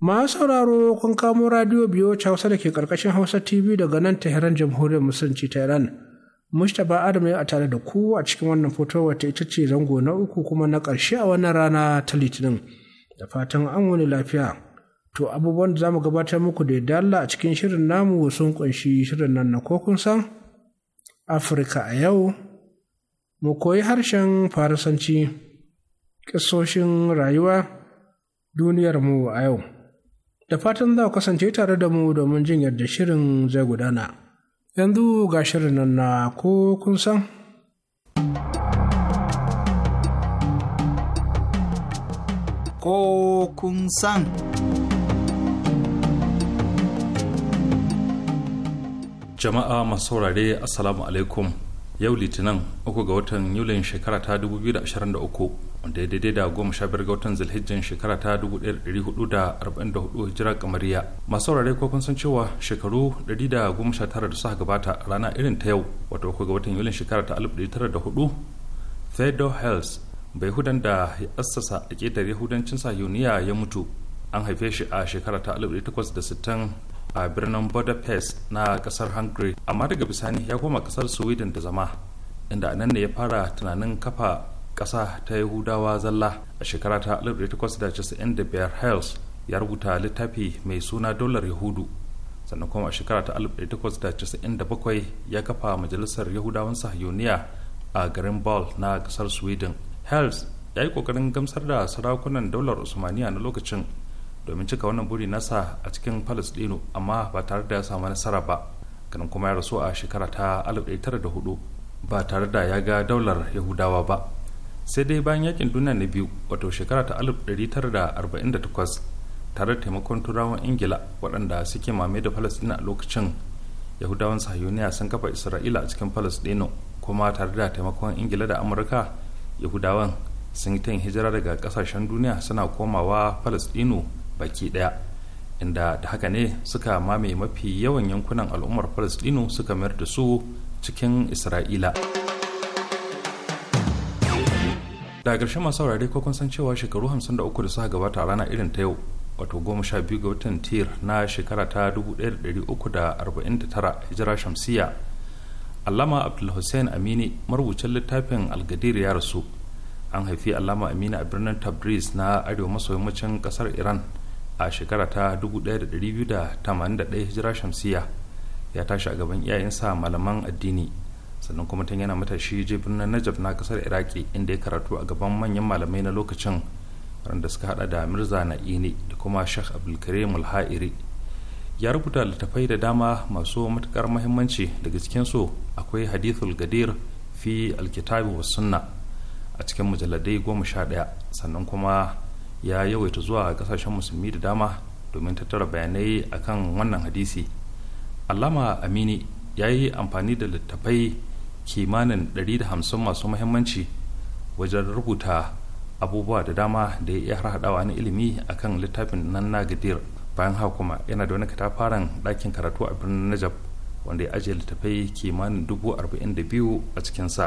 Masu sauraro kun kamo radiyo biyo Hausa da ke karkashin Hausa TV daga nan Tehran Jamhuriyar Musulunci ta Iran. Mustapha Adam ya tare da ku a cikin wannan fotowar wata ita ce zango na uku kuma na ƙarshe a wannan rana ta Litinin. Da fatan an wani lafiya. To abubuwan da zamu gabatar muku da dalla a cikin shirin namu sun kunshi shirin nan na kokun san Afirka a yau. Mu koyi harshen Farisanci, ƙisoshin rayuwa, duniyarmu a yau. Da fatan za ku kasance tare da mu domin jin yadda shirin zai gudana. Yanzu ga shirin nan na ko kun san. Ko kun san. Jama'a masu saurare Assalamu alaikum. yau litinin uku ga watan yulin shekara ta 2023 wanda ya daidai da goma sha biyar ga watan zilhijjin shekara ta 1444 hijira kamariya masu saurare ko kun san cewa shekaru 119 da suka gabata rana irin ta yau wato uku ga watan yulin shekara ta 1904 theodore hales bai hudan da ya assasa a ƙetare yahudancin sahiyoniya ya mutu an haife shi a shekara ta 1860 a birnin budapest na kasar hungary amma daga bisani ya koma kasar sweden da zama inda nan ne ya fara tunanin kafa kasa ta yahudawa zalla a shekara ta 1895 hales ya rubuta littafi mai suna dollar yahudu sannan kuma a shekara ta 1897 ya kafa majalisar yahudawan sahiyoniya a garin ball na kasar sweden hales ya yi kokarin gamsar da sarakunan daular usmaniya na lokacin domin cika wannan buri nasa a cikin dino amma ba tare da ya samu nasara ba ganin kuma ya rasu a shekara ta 1904 ba tare da ya ga daular yahudawa ba sai dai bayan yakin duniya na biyu wato shekara ta 1948 tare da taimakon turawan ingila waɗanda suke mame da palestina a lokacin yahudawan sahiyoniya sun kafa isra'ila a cikin palestino kuma tare da taimakon ingila da amurka yahudawan sun yi ta yin hijira daga kasashen duniya suna komawa palestino baki daya inda da haka ne suka mame mafi yawan yankunan al'ummar palestino suka mayar da su cikin isra'ila daga ƙarshen masu saurare ko kun san cewa shekaru 53 da suka gabata a rana irin ta yau wato goma sha biyu ga watan tir na shekara ta 1349 hijira shamsiya allama hussein amini marubucin littafin algadir ya rasu an haifi alama amini a birnin tabriz na arewa maso yammacin kasar iran a shekara ta 1281 hijira shamsiya ya tashi a gaban iyayensa malaman addini sannan kuma tun yana matashi je birnin najaf na kasar iraki inda ya karatu a gaban manyan malamai na lokacin waɗanda suka hada da mirza na'ini da kuma shah abdulkarim al-ha'iri ya rubuta littattafai da dama masu matukar muhimmanci daga cikinsu akwai hadithul gadir fi alkitabi wa sunna a cikin mujalladai goma sha daya sannan kuma ya yawaita zuwa kasashen musulmi da dama domin tattara bayanai akan wannan hadisi alama amini ya yi amfani da littafai kimanin 150 masu muhimmanci wajen rubuta abubuwa da dama da ya iya haɗawa na ilimi akan littafin nan na gadir bayan haka kuma yana da wani katafaren ɗakin karatu a birnin najab wanda ya ajiye littafai kimanin dubu arba'in da biyu a cikinsa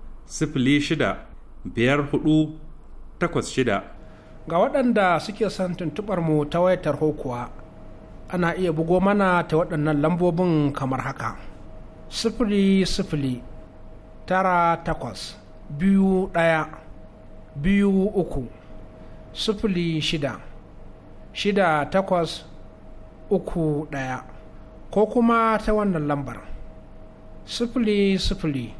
sifili shida biyar hudu takwas shida. Ga waɗanda suke son tuntuɓar mu ta wayatar tarho ana iya bugo mana ta waɗannan lambobin kamar haka. Sifili sifili tara takwas biyu ɗaya biyu uku sifili shida shida takwas uku ɗaya ko kuma ta wannan lambar sifili sifili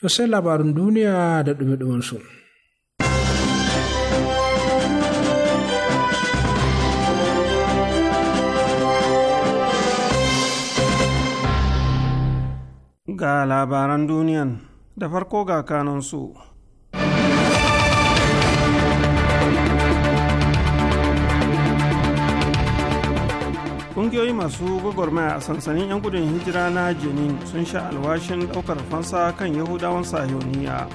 To sai labarin duniya da ɗumi su. Ga labaran duniyan da farko ga kanansu. kungiyoyi masu gwagwarmaya a sansanin 'yan gudun hijira na jenin sun sha alwashin ɗaukar fansa kan yahudawan sahiyoniya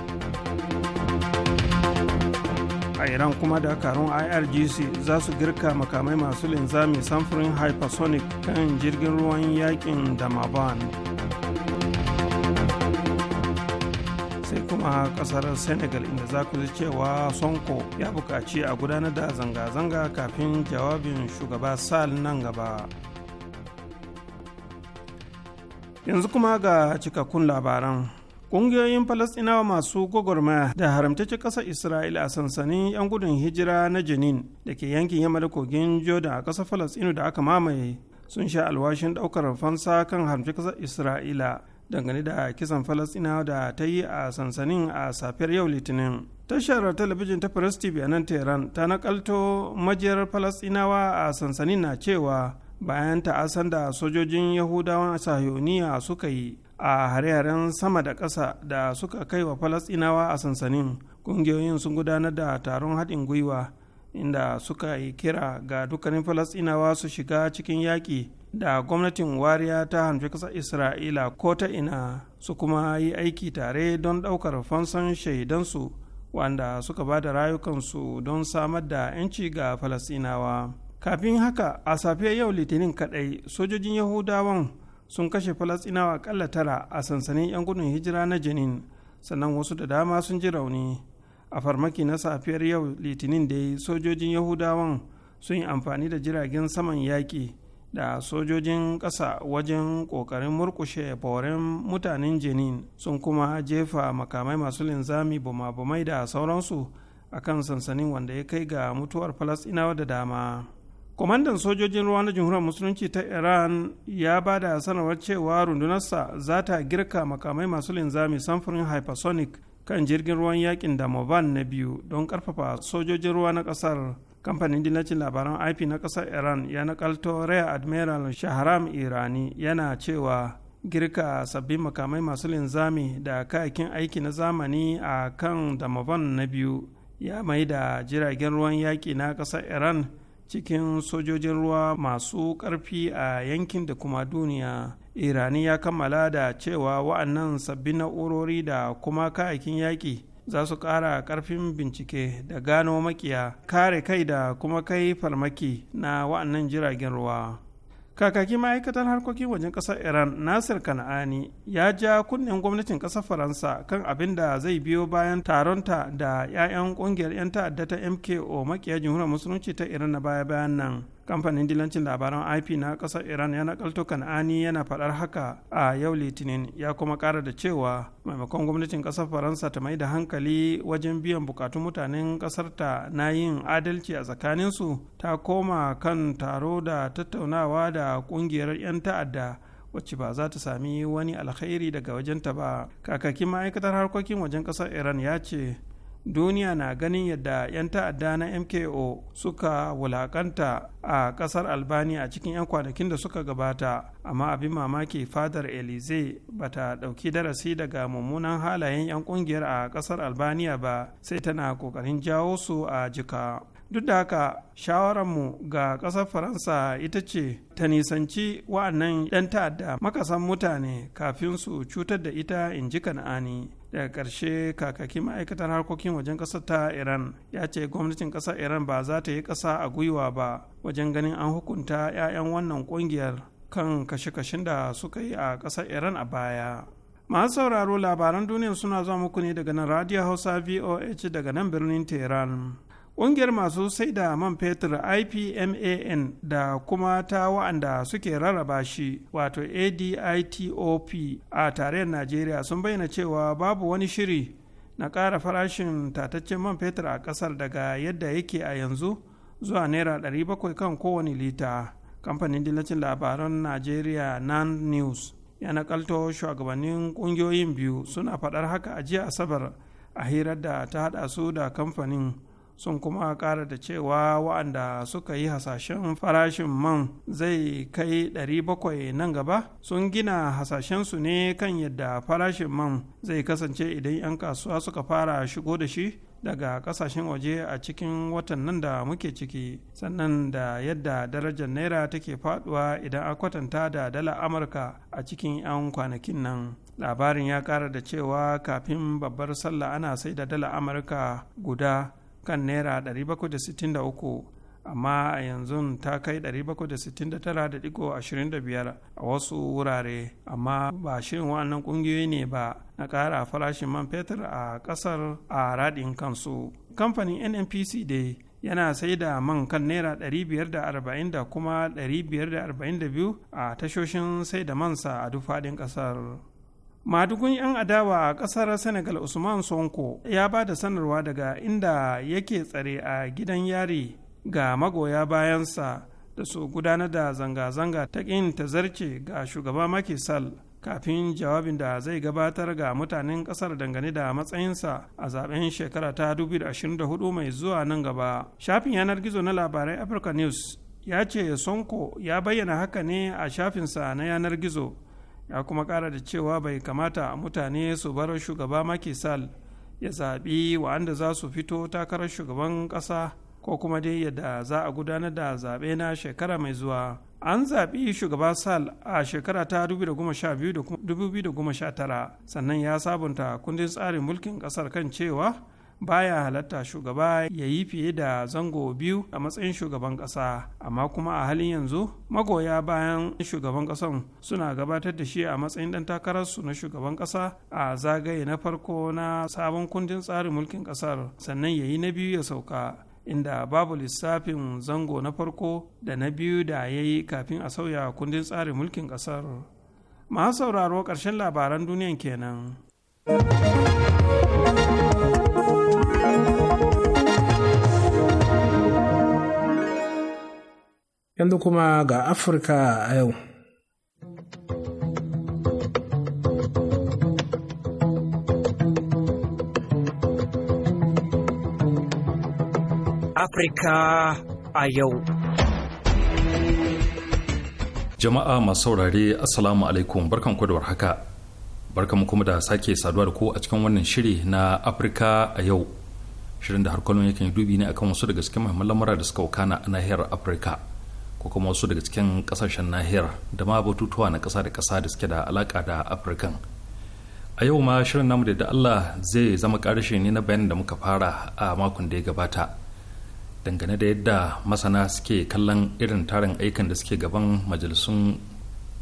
a iran kuma dakarun irgc za su girka makamai masu linzami samfurin hypersonic kan jirgin ruwan yakin damaban a kasar senegal inda za ku ji cewa sonko ya bukaci a gudanar da zanga-zanga kafin jawabin shugaba sal nan gaba yanzu kuma ga cikakkun labaran Ƙungiyoyin Falasɗinawa masu gwagwarmaya da haramtacce ƙasar Isra'ila a sansanin 'yan gudun hijira na Jenin da ke yankin yamma da kogin Jordan a ƙasar Falasɗinu da aka mamaye sun sha alwashin ɗaukar fansa kan haramtacce ƙasar Isra'ila dangane da kisan falasinawa da ta yi a sansanin a safiyar yau litinin tashar talabijin ta press tv a nan tehran ta nakalto majiyar falasinawa a sansanin na cewa bayan ta'asan da sojojin yahudawan sahiyoniya suka yi a hare-haren sama da ƙasa da suka kai wa falasinawa a sansanin ƙungiyoyin sun gudanar da taron haɗin gwiwa inda suka yi kira ga dukkanin falasinawa su shiga cikin yaƙi da gwamnatin wariya ta hanfi ƙasar isra'ila ko ta ina su kuma yi aiki tare don ɗaukar fansan shaidansu wanda suka ba da rayukansu don samar da 'yanci ga falasinawa kafin haka a safiyar yau litinin kaɗai sojojin yahudawan sun kashe falasinawa kalla tara a sansanin 'yan gudun hijira na jenin sannan wasu da dama sun ji rauni a farmaki na safiyar yau litinin dai sojojin yahudawan sun yi amfani da jiragen saman yaƙi da sojojin ƙasa wajen ƙoƙarin murƙushe boren mutanen jenin sun kuma jefa makamai masu linzami bumabumai da sauransu a kan sansanin wanda ya kai ga mutuwar falasɗinawa da dama kwamandan sojojin ruwa na jamhuriyar musulunci ta iran ya ba da sanarwar cewa rundunarsa za ta girka makamai masu linzami samfurin hypersonic kan jirgin ruwan yakin da na biyu don ƙarfafa sojojin ruwa na ƙasar. kamfanin dillacin labaran ip na ƙasar iran ya nakalto rear admiral shahram irani yana cewa girka sabbin makamai masu linzami da kayakin aiki na zamani a kan damavan na biyu ya mai da jiragen ruwan yaƙi na ƙasar iran cikin sojojin ruwa masu ƙarfi a yankin da kuma duniya irani ya kammala da cewa wa'annan sabbin na'urori da kuma kayakin yaƙi za su ƙara ƙarfin bincike da gano makiya kare kai da kuma kai farmaki na wa'annan jiragen ruwa kakakin ma'aikatar harkokin wajen ƙasar iran nasir kana'ani ya ja kunnen gwamnatin ƙasar faransa kan abin da zai biyo bayan taronta da 'ya'yan ƙungiyar 'yan ta'adda ta mko makiya jamhuriyar musulunci ta iran na baya bayan nan kamfanin dilancin labaran ip na kasar iran ya kaltukan Ani yana faɗar haka a yau litinin ya kuma ƙara da cewa maimakon gwamnatin ƙasar faransa ta mai da hankali wajen biyan bukatun mutanen ƙasarta na yin adalci a tsakaninsu ta koma kan taro da tattaunawa da ƙungiyar 'yan ta'adda wacce ba za ta sami wani alkhairi daga wajenta ba kakakin ma'aikatar harkokin wajen ƙasar iran ya ce duniya na ganin yadda 'yan ta'adda na mko suka wulakanta a kasar albania a cikin 'yan kwanakin da suka gabata amma abin mamaki fadar elize ba ta dauki darasi daga mummunan halayen 'yan kungiyar a kasar albania ba sai tana kokarin jawo su a jika duk da haka mu ga kasar faransa ita ce ta nisanci wa'annan 'yan ta'adda makasan mutane kafin su cutar da ita in ji kan'ani daga ƙarshe kakakin ma'aikatar harkokin wajen ƙasar ta iran ya ce gwamnatin ƙasar iran ba za ta yi ƙasa a gwiwa ba wajen ganin an hukunta 'ya'yan wannan ƙungiyar kan kashe-kashen da suka yi a ƙasar iran a baya masu sauraro labaran duniya suna zuwa muku ne daga nan radio hausa voh daga nan birnin tehran ƙungiyar masu sai da man fetur ipman da kuma ta wa'anda suke rarraba shi wato aditop a tarayyar najeriya sun bayyana cewa babu wani shiri na ƙara farashin tataccen man fetur a ƙasar daga yadda yake a yanzu zuwa naira 700 kan kowane lita kamfanin dillacin labaran najeriya nan news ya nakalto shugabannin ƙungiyoyin biyu suna faɗar haka a jiya asabar a hirar da ta haɗa su da kamfanin sun kuma ƙara da cewa waɗanda suka yi hasashen farashin man zai kai 700 nan gaba sun gina hasashensu ne kan yadda farashin man zai kasance idan 'yan kasuwa suka fara shigo da shi daga kasashen waje a cikin watan nan da muke ciki sannan da yadda darajar naira take faduwa idan a kwatanta da dala amurka a cikin 'yan kwanakin nan labarin ya kara da cewa kafin babbar sallah ana sai da dala amurka guda kan naira 763 amma a yanzu ta kai 769.25 a wasu wurare amma ba shirin wannan kungiyoyi ne ba na ƙara farashin man fetur a ƙasar a raɗin kansu kamfanin nnpc dai yana sai da man kan naira 540 kuma 542 a tashoshin sai da mansa a duk faɗin ƙasar madugun 'yan adawa a kasar senegal usman sonko ya ba da sanarwa daga inda yake tsare a gidan yari ga magoya bayansa da su gudanar da zanga-zanga ta ƙin zarce ga shugaba makisal kafin jawabin da zai gabatar ga mutanen kasar dangane da matsayinsa a zaben shekara ta 2024 mai zuwa nan gaba shafin yanar gizo na labarai africa news ya ce sonko ya bayyana haka ne a shafinsa na yanar gizo ya kuma kara da cewa bai kamata a mutane su bar shugaba makisal ya zaɓi wa'anda za su fito takarar shugaban ƙasa ko kuma dai yadda za a gudanar da zaɓe na shekara mai zuwa an zaɓi shugaba sal a shekara ta 2012 sannan ya sabunta kundin tsarin mulkin ƙasar kan cewa baya halatta shugaba ya yi fiye da zango biyu a matsayin shugaban ƙasa amma kuma a halin yanzu magoya bayan shugaban ƙasan suna gabatar da shi a matsayin ɗan takararsu na shugaban ƙasa a zagaye na farko na sabon kundin tsarin mulkin ƙasar sannan ya yi na biyu ya sauka inda babu lissafin zango na farko da na biyu da ya yi kafin a sauya kundin tsarin mulkin ƙasar masu sauraro ƙarshen labaran duniyan kenan. yanzu kuma ga Afirka a yau. Afirka a yau. Jama'a masu saurare Assalamu alaikum barkan da haka. Barkan kuma da sake saduwa da ku a cikin wannan shiri na Afirka a yau. Shirin da har yakan yi dubi ne akan wasu daga cikin muhimman lamura da suka wakana a nahiyar Afirka. ko kuma wasu daga cikin kasashen nahiyar da ma batutuwa na ƙasa da kasa da suke da alaƙa da afirkan a yau ma shirin namu da allah zai zama ƙarshe ne na bayan da muka fara a makon da ya gabata dangane da yadda masana suke kallon irin tarin aikin da suke gaban majalisun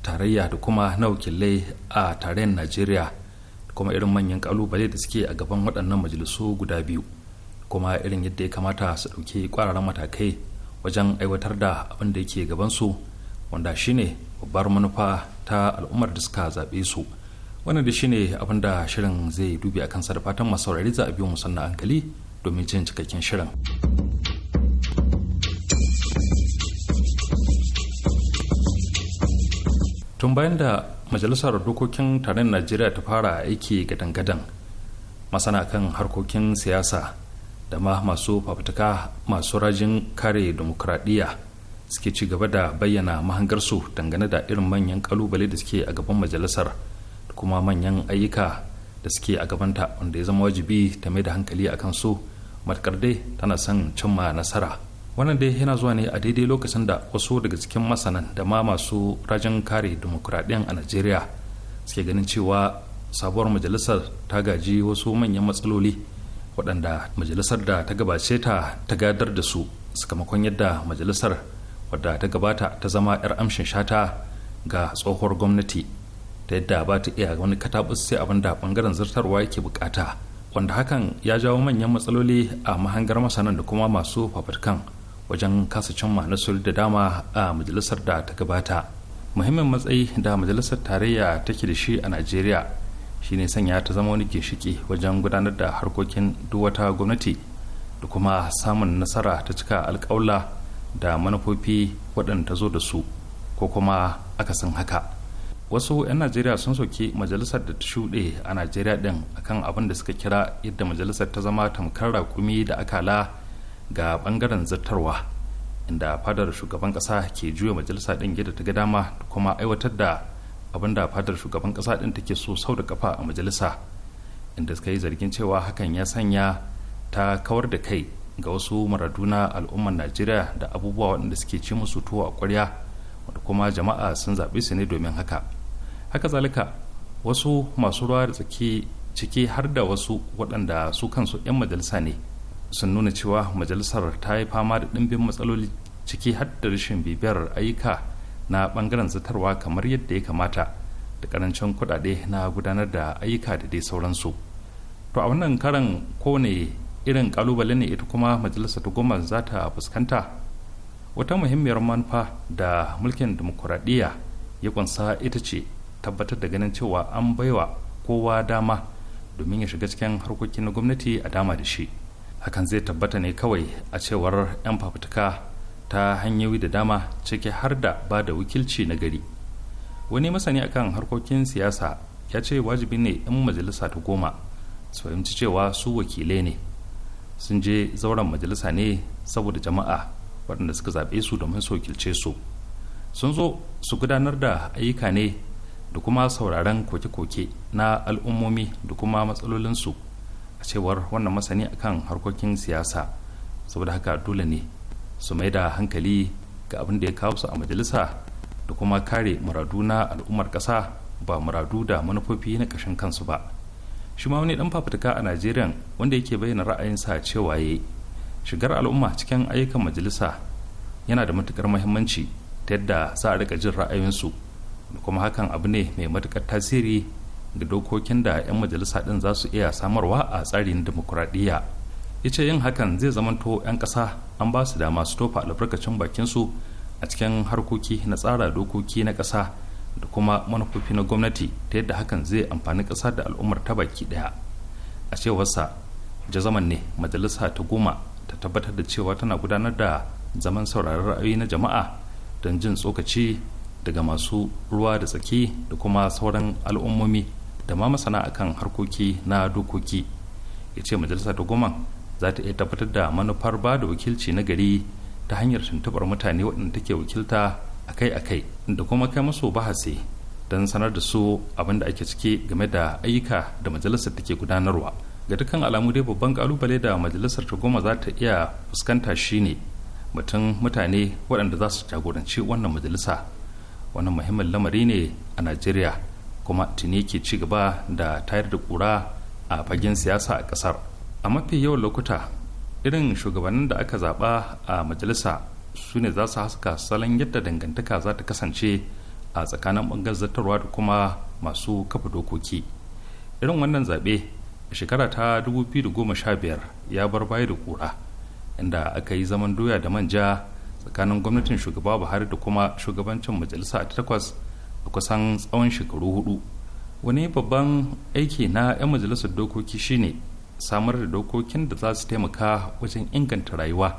tarayya da kuma na wakilai a tarayyar najeriya da kuma irin manyan kalubale da suke a gaban waɗannan majalisu guda biyu kuma irin yadda ya kamata su ɗauki kwararren matakai wajen aiwatar da abin da yake gabansu wanda shine babbar manufa ta al'ummar da suka zaɓe su wannan da shine abin da shirin zai dubi a kansa da fatan masu saurari za a biyo sannan hankali domin jin cikakken shirin. tun bayan da majalisar dokokin taron najeriya ta fara aiki gadan-gadan masana kan harkokin siyasa da ma masu fafutuka masu rajin kare demokradiyya suke ci gaba da bayyana mahangarsu dangane da irin manyan kalubale da suke a gaban majalisar da kuma manyan ayyuka da suke a gabanta wanda ya zama wajibi ta mai da hankali a kansu matakar dai tana son cimma nasara wannan dai yana zuwa ne a daidai lokacin da wasu daga cikin masanan da ma masu rajin kare demokuraɗiyyar a najeriya suke ganin cewa sabuwar majalisar ta gaji wasu manyan matsaloli waɗanda majalisar da ta gabace ta ta gadar da su sakamakon yadda majalisar wadda ta gabata ta zama 'yar amshin shata ga tsohuwar gwamnati ta yadda ba ta iya wani katabus sai abin da bangaren zartarwa yake bukata wanda hakan ya jawo manyan matsaloli a mahangar masanan da kuma masu fafatkan wajen kasa cimma nasuri da dama a majalisar da ta gabata muhimmin matsayi da majalisar tarayya take da shi a najeriya shine sanya ta zama wani ginshiki wajen gudanar da harkokin duk wata gwamnati da kuma samun nasara ta cika alƙawla da manufofi waɗanda zo da su ko kuma aka san haka wasu 'yan najeriya sun soki majalisar da ta shuɗe a najeriya ɗin akan abin da suka kira yadda majalisar ta zama tamkar raƙumi da akala ga ɓangaren zartarwa inda fadar shugaban ƙasa ke juya majalisa ɗin gida ta ga dama da kuma aiwatar da abinda fadar shugaban kasa din take so sau da kafa a majalisa inda suka yi zargin cewa hakan ya sanya ta kawar da kai ga wasu maraduna al'ummar najeriya da abubuwa waɗanda suke ci musu tuwo a ƙwarya wanda kuma jama'a sun zaɓi su ne domin haka haka zalika wasu masu ruwa da tsaki ciki har da wasu waɗanda su kansu 'yan majalisa ne sun nuna cewa majalisar ta yi fama da ɗimbin matsaloli ciki har da rashin bibiyar ayyuka na bangaren zatarwa kamar yadda ya kamata da karancin kuɗaɗe na gudanar da ayyuka da dai sauransu to a wannan karan kowane irin kalubale ne ita kuma majalisar ta goma za ta fuskanta wata muhimmiyar manufa da mulkin demokuraɗiyya ya kunsa ita ce tabbatar da ganin cewa an baiwa kowa dama domin ya shiga cikin harkokin na gwamnati a dama da shi hakan zai tabbata ne kawai a cewar 'yan fafutuka ta hanyoyi da dama ciki har da ba da wakilci na gari wani masani akan harkokin siyasa ya ce wajibi ne 'yan majalisa ta goma su fahimci cewa su wakilai ne sun je zauren majalisa ne saboda jama'a waɗanda suka zaɓe su domin su wakilce su sun zo su gudanar da ayyuka ne da kuma sauraren koke-koke na al'ummomi da kuma matsalolinsu a cewar wannan masani akan harkokin siyasa saboda haka dole ne su mai da hankali ga abin da ya kawo su a majalisa da kuma kare muradu na al'ummar ƙasa ba muradu da manufofi na ƙashin kansu ba shi ma wani dan fafutuka a najeriya wanda yake bayyana ra'ayinsa cewa ya shigar al'umma cikin ayyukan majalisa yana da matukar muhimmanci ta yadda za a rika jin ra'ayinsu da kuma hakan abu ne mai matukar tasiri ga dokokin da 'yan majalisa din za su iya samarwa a tsarin dimokuraɗiyya ya ce yin hakan zai zamanto 'yan ƙasa an ba su dama su tofa albarkacin su a cikin harkoki na tsara dokoki na ƙasa da kuma manufofi na gwamnati ta yadda hakan zai amfani ƙasa da al'ummar ta baki ɗaya a cewarsa jazaman ne majalisa ta goma ta tabbatar da cewa tana gudanar da zaman sauraron ra'ayi na jama'a don jin tsokaci daga masu ruwa da tsaki da kuma sauran al'ummomi da ma masana akan harkoki na dokoki ya ce majalisa ta goma za ta iya tabbatar da manufar ba da wakilci na gari ta hanyar tuntubar mutane waɗanda take wakilta akai-akai da kuma kai masu bahasi don sanar da su abin da ake cike game da ayyuka da majalisar take gudanarwa ga dukkan alamu dai babban kalubale da majalisar ta goma za ta iya fuskanta shine mutum mutane waɗanda za su jagoranci wannan majalisa wannan muhimmin lamari ne a najeriya kuma tuni ke ci gaba da tayar da kura a fagen siyasa a ƙasar a mafi yawan lokuta irin shugabannin da aka zaba a majalisa su ne za su haska salon yadda dangantaka za ta kasance a tsakanin bangar da kuma masu kafa dokoki irin wannan zaɓe a shekara ta 2015 ya bar baya da kura inda aka yi zaman doya da manja tsakanin gwamnatin shugaba buhari da kuma shugabancin majalisa a takwas a kusan tsawon shekaru hudu wani babban aiki na 'yan majalisar dokoki shine samar da dokokin da za su taimaka wajen inganta rayuwa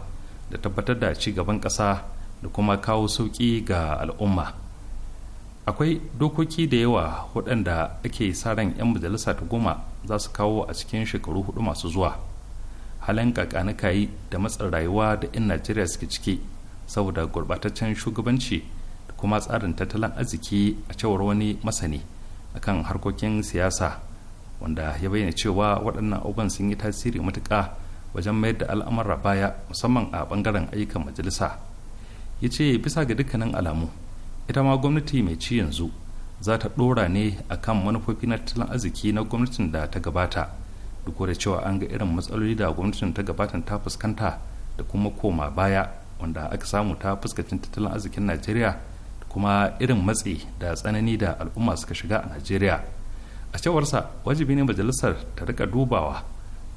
da tabbatar da ci gaban ƙasa da kuma kawo sauƙi ga al'umma akwai dokoki da yawa waɗanda ake sa ran 'yan majalisa ta goma za su kawo a cikin shekaru hudu masu zuwa halin kakanikayi da matsin rayuwa da 'yan najeriya suke ciki saboda gurbataccen shugabanci da kuma tsarin tattalin arziki a cewar wani masani akan harkokin siyasa wanda ya bayyana cewa waɗannan abubuwan sun yi tasiri matuƙa wajen mayar da al'amura baya musamman a ɓangaren ayyukan majalisa ya ce bisa ga dukkanin alamu ita ma gwamnati mai ci yanzu za ta ɗora ne a kan manufofi na tattalin arziki na gwamnatin da ta gabata duk da cewa an ga irin matsaloli da gwamnatin ta gabatan ta fuskanta da kuma koma baya wanda aka samu ta fuskacin tattalin arzikin najeriya da kuma irin matsi da tsanani da al'umma suka shiga a najeriya a cewarsa wajibi ne majalisar ta rika dubawa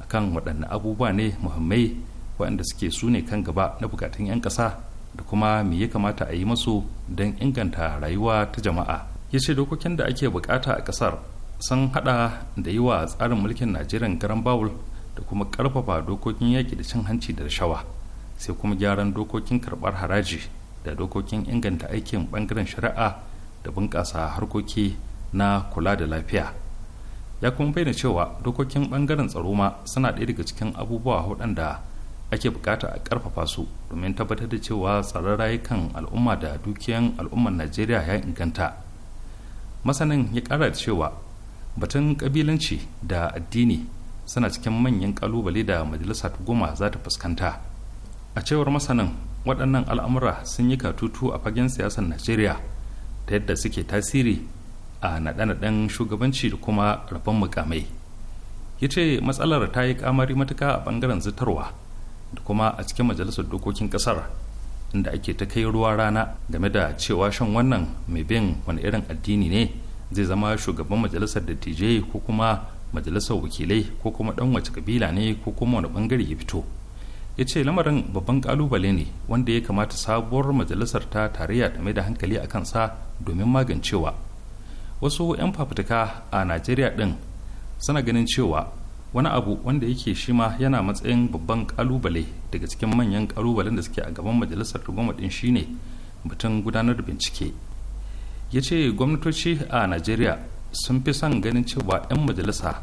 akan waɗanne abubuwa ne muhimmai waɗanda suke su ne kan gaba na bukatun 'yan ƙasa da kuma me ya kamata a yi masu don inganta rayuwa ta jama'a ya ce dokokin da ake bukata a ƙasar sun haɗa da yi wa tsarin mulkin najeriya garan bawul da kuma ƙarfafa dokokin yaƙi da cin hanci da rashawa sai kuma gyaran dokokin karɓar haraji da dokokin inganta aikin ɓangaren shari'a da bunƙasa harkoki na kula da lafiya ya kuma bayyana cewa dokokin bangaren tsaro ma suna ɗaya daga cikin abubuwa waɗanda ake bukata a ƙarfafa su domin tabbatar da cewa tsaron rayukan al'umma da dukiyan al'ummar najeriya ya inganta masanin ya ƙara da cewa batun ƙabilanci da addini suna cikin manyan ƙalubale da majalisa ta goma za ta fuskanta a cewar masanin waɗannan al'amura sun yi katutu a fagen siyasar najeriya ta yadda suke tasiri a naɗe-naɗen shugabanci da kuma rabon mukamai ya ce matsalar ta yi kamari matuka a bangaren zitarwa da kuma a cikin majalisar dokokin ƙasar inda ake ta kai ruwa rana game da cewa shan wannan mai bin wani irin addini ne zai zama shugaban majalisar dattijai ko kuma majalisar wakilai ko kuma dan wace kabila ne ko kuma wani bangare ya fito ya ce lamarin babban kalubale ne wanda ya kamata sabuwar majalisar ta tarayya da mai da hankali a kansa domin magancewa wasu 'yan fafutuka a najeriya din suna ganin cewa wani abu wanda yake shi ma yana matsayin babban kalubale daga cikin manyan kalubalen da suke a gaban majalisar rigoma ɗin shine batun gudanar da bincike ya ce gwamnatoci a najeriya sun fi son ganin cewa 'yan majalisa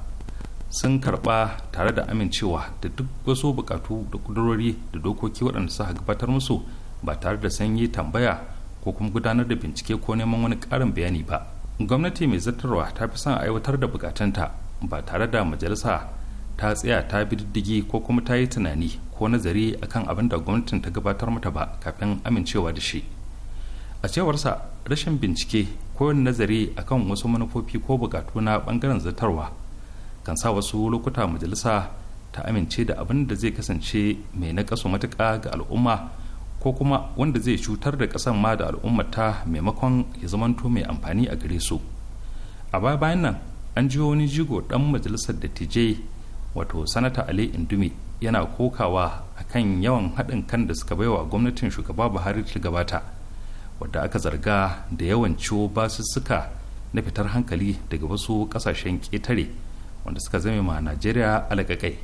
sun karba tare da amincewa da duk wasu bukatu da kudurori da dokoki waɗanda suka gabatar musu ba tare da sanyi tambaya ko kuma gudanar da bincike ko neman wani ƙarin bayani ba gwamnati mai zartarwa ta fi son aiwatar da bukatunta ba tare da majalisa ta tsaya ta bi diddigi ko kuma ta yi tunani ko nazari akan abin da gwamnatin ta gabatar mata ba kafin amincewa da shi a cewarsa rashin bincike ko nazari akan wasu manufofi ko bukatu na bangaren zartarwa kan sa wasu lokuta majalisa ta amince da abin da zai kasance mai nakasu matuƙa ga al'umma ko kuma wanda zai cutar da ƙasar ma da al'ummata maimakon ya zamanto mai amfani a gare su a baya bayan nan an ji wani jigo ɗan majalisar dattijai wato sanata ali indumi yana kokawa akan yawan haɗin kan da suka baiwa gwamnatin shugaba buhari ta gabata wadda aka zarga da yawan ciwo basussuka na fitar hankali daga wasu ƙasashen ƙetare wanda suka zame ma najeriya alaƙaƙai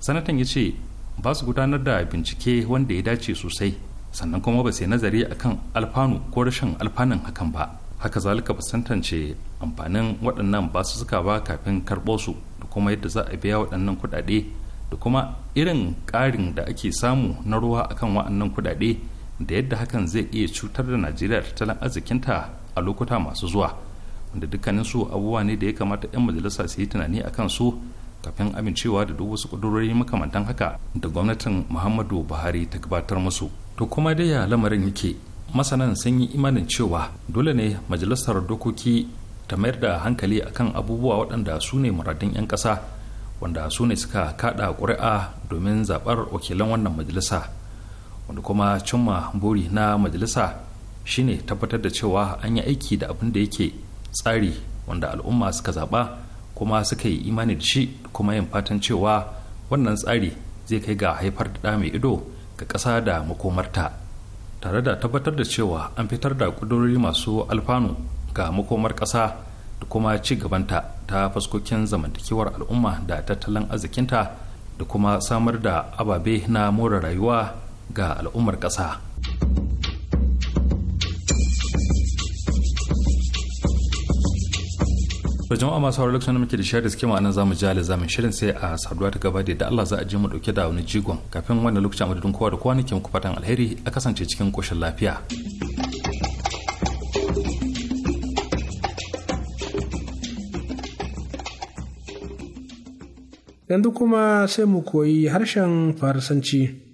sanatan ya ce ba su gudanar da bincike wanda ya dace sosai sannan kuma ba sai nazari akan alfanu ko rashin alfanun hakan ba haka zalika ba tantance amfanin waɗannan ba su suka ba kafin karɓo su da kuma yadda za a biya waɗannan kuɗaɗe da kuma irin ƙarin da ake samu na ruwa akan waɗannan kuɗaɗe da yadda hakan zai iya cutar da najeriya tattalin arzikinta a lokuta masu zuwa wanda dukkanin su abubuwa ne da ya kamata 'yan majalisa su yi tunani a kan su kafin amincewa da duk wasu kudurori makamantan haka da gwamnatin muhammadu buhari ta gabatar musu to kuma dai ya lamarin yake masanan sun yi imanin cewa dole ne majalisar dokoki ta mayar da hankali akan abubuwa waɗanda su ne muradin 'yan ƙasa wanda su ne suka kaɗa ƙuri'a domin zaɓar wakilan wannan majalisa wanda kuma cimma buri na majalisa shine tabbatar da cewa an yi aiki da abin da yake tsari wanda al'umma suka zaɓa kuma suka yi imani da shi kuma yin fatan cewa wannan tsari zai kai ga haifar da ɗa mai ido ga ƙasa da makomarta tare da tabbatar da cewa an fitar da ƙudurori masu alfanu ga makomar ƙasa da kuma ci gabanta ta fuskokin zamantakewar al'umma da tattalin arzikinta da kuma samar da ababe na more rayuwa ga al'ummar ƙasa. da jama'a masu haurar lokacin da muke da shirin da suke nan zamu ji ala shirin sai a saduwa ta gaba da yadda Allah za a je mu dauke da wani jigon kafin wannan lokacin a madadin kowa da kowa nake muku fatan alheri a kasance cikin koshin lafiya. yanzu kuma sai mu koyi harshen farsanci.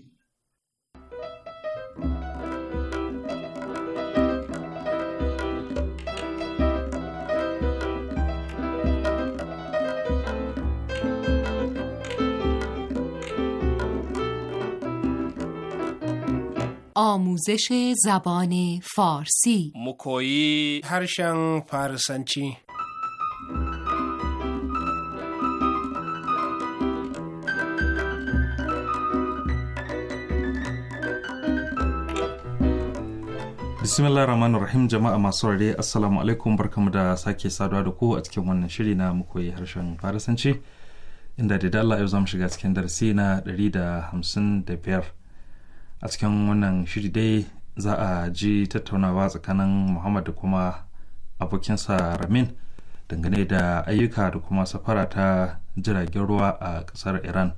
آموزش زبان فارسی مکویی هرشن فارسنچی bismillah rahman rahim jama'a masu rare assalamu alaikum barkamu da sake saduwa da ku a cikin wannan shiri na mukoyi harshen farasanci inda da Allah yau zamu shiga cikin darasi na 155 a cikin wannan shiri dai za a ji tattaunawa tsakanin muhammad da kuma abokinsa ramin dangane da ayyuka da kuma safara ta jiragen ruwa a kasar iran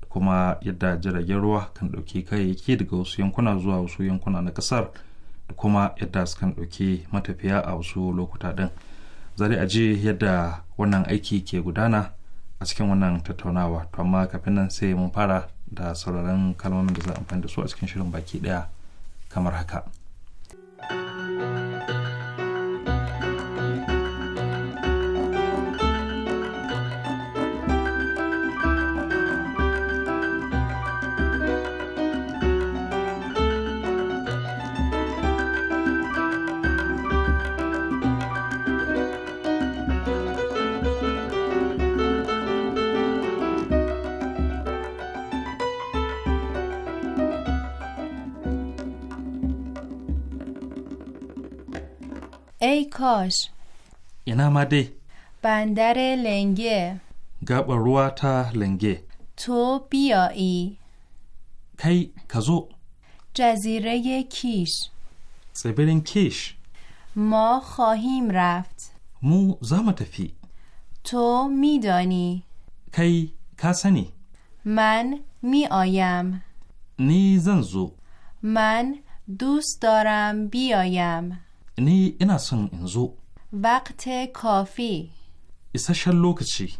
da kuma yadda jiragen ruwa kan ɗauki kayayyaki daga wasu yankuna zuwa wasu yankuna na kasar da kuma yadda su kan ɗauki matafiya a wasu lokuta ɗin zai a ji yadda wannan aiki ke gudana a cikin wannan tattaunawa to amma kafin nan sai mun fara da sauraron kalmomin da za a amfani da su a cikin shirin baki daya kamar haka. ای کاش اینا مده بندر لنگه گاب لنگه تو بیایی کی کزو جزیره کیش سبرین کیش ما خواهیم رفت مو فی تو میدانی کی کسنی من می آیم نی زنزو من دوست دارم بیایم ni ina son in zo. Bakte kofi. Isasshen lokaci.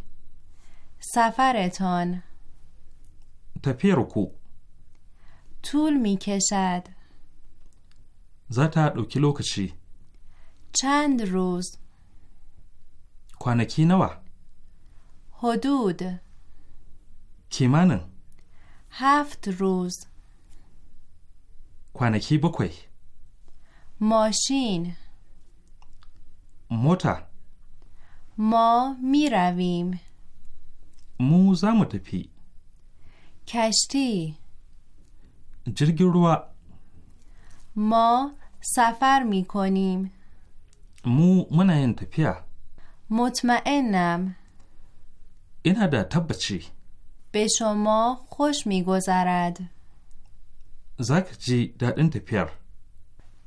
Safareton. Tafiyar ku. Tul mi Za ta ɗauki lokaci. Chand roz. Kwanaki nawa. Hudud. Kimanin. Haft roz. Kwanaki bakwai. ماشین موتا ما می رویم موزه متپی کشتی جرگروا ما سفر می کنیم مو مناین تپیا مطمئنم این هده تبچی به شما خوش می گذرد زکجی جی دادن تپیر